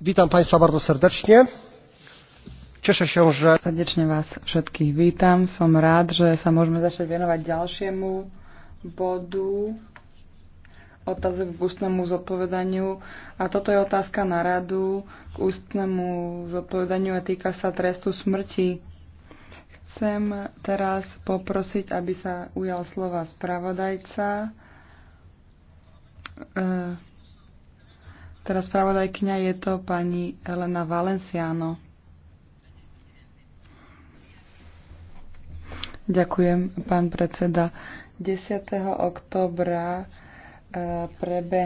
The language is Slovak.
Vítam Państwa bardzo serdecznie. Cieszę się, że... Serdecznie Was wszystkich witam. Są rad, że sa możemy začať wienować dalszemu bodu otázok k ústnemu zodpovedaniu. A toto je otázka na radu k ústnemu zodpovedaniu a týka sa trestu smrti. Chcem teraz poprosiť, aby sa ujal slova spravodajca. E Teraz spravodajkňa je to pani Elena Valenciano. Ďakujem, pán predseda. 10. oktobra eh, prebe